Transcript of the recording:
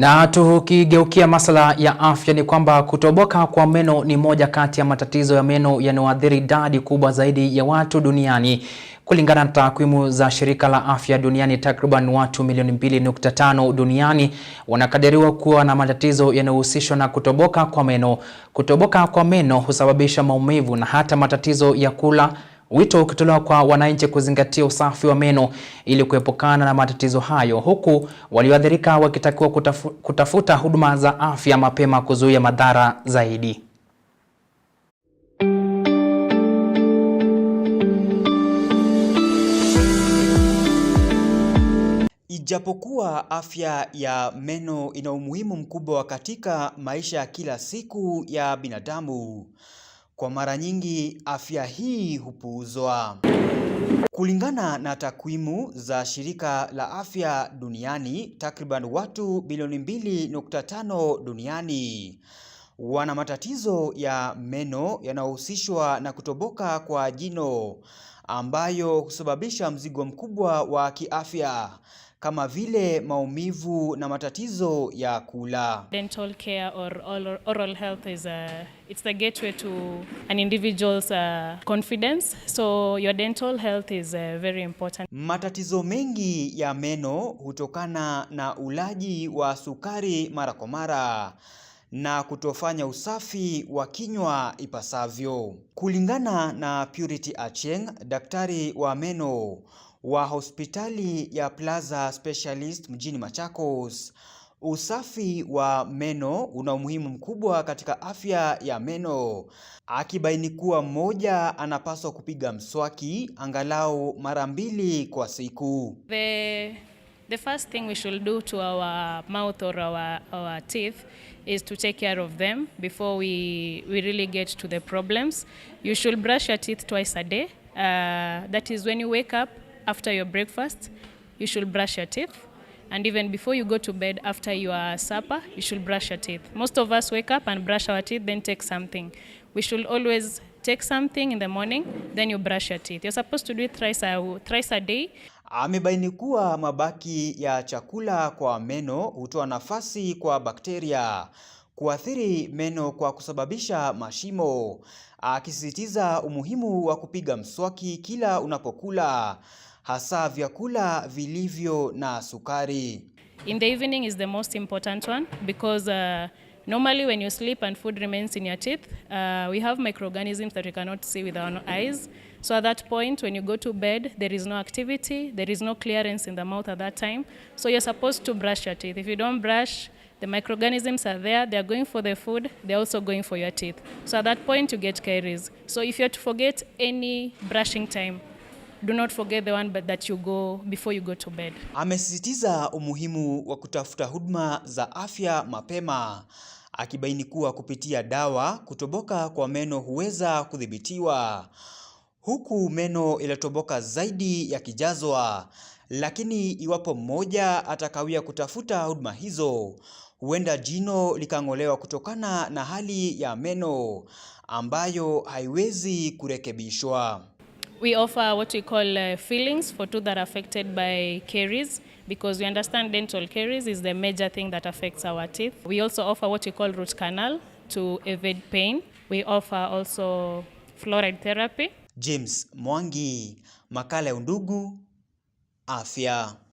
Na tukigeukia masala ya afya ni kwamba kutoboka kwa meno ni moja kati ya matatizo ya meno yanayoathiri idadi kubwa zaidi ya watu duniani. Kulingana na takwimu za Shirika la Afya Duniani, takriban watu milioni 2.5 duniani wanakadiriwa kuwa na matatizo yanayohusishwa na kutoboka kwa meno. Kutoboka kwa meno husababisha maumivu na hata matatizo ya kula Wito ukitolewa kwa wananchi kuzingatia usafi wa meno ili kuepukana na matatizo hayo, huku walioathirika wakitakiwa kutafu, kutafuta huduma za afya mapema kuzuia madhara zaidi. Ijapokuwa afya ya meno ina umuhimu mkubwa katika maisha ya kila siku ya binadamu kwa mara nyingi afya hii hupuuzwa. Kulingana na takwimu za shirika la afya duniani, takriban watu bilioni 2.5 duniani wana matatizo ya meno yanayohusishwa na kutoboka kwa jino ambayo husababisha mzigo mkubwa wa kiafya kama vile maumivu na matatizo ya kula. Dental care or oral health is a, it's the gateway to an individual's uh, confidence. So your dental health is uh, very important. Matatizo mengi ya meno hutokana na ulaji wa sukari mara kwa mara na kutofanya usafi wa kinywa ipasavyo. Kulingana na Purity Acheng, daktari wa meno wa hospitali ya Plaza Specialist mjini Machakos. Usafi wa meno una umuhimu mkubwa katika afya ya meno, akibaini kuwa mmoja anapaswa kupiga mswaki angalau mara mbili kwa siku. The, the first thing we should do to our mouth or our, our teeth is to take care of them before we, we really get to the problems. You should brush your teeth twice a day. Uh, that is when you wake up after your breakfast, you should brush your teeth. And even before you go to bed after your supper, you should brush your teeth. Most of us wake up and brush our teeth, then take something. We should always take something in the morning, then you brush your teeth. You're supposed to do it thrice a, thrice a day. Amebaini kuwa mabaki ya chakula kwa meno hutoa nafasi kwa bakteria kuathiri meno kwa kusababisha mashimo, akisisitiza umuhimu wa kupiga mswaki kila unapokula hasa vyakula vilivyo na sukari. In the evening is the most important one because uh, normally when you sleep and food remains in your teeth, uh, we have microorganisms that we cannot see with our eyes. So at that point when you go to bed, there is no activity, there is no clearance in the mouth at that time. So you're supposed to brush your teeth. If you don't brush, the microorganisms are there, they are going for the food, they're also going for your teeth. So at that point you get caries. So if you're to forget any brushing time, do not forget the one that you go before you go to bed. Amesisitiza umuhimu wa kutafuta huduma za afya mapema akibaini kuwa kupitia dawa kutoboka kwa meno huweza kudhibitiwa, huku meno iliyotoboka zaidi yakijazwa. Lakini iwapo mmoja atakawia kutafuta huduma hizo, huenda jino likang'olewa kutokana na hali ya meno ambayo haiwezi kurekebishwa. We offer what we call uh, fillings for tooth that are affected by caries because we understand dental caries is the major thing that affects our teeth. We also offer what we call root canal to evade pain. We offer also fluoride therapy. James Mwangi, makala ya Undugu Afya.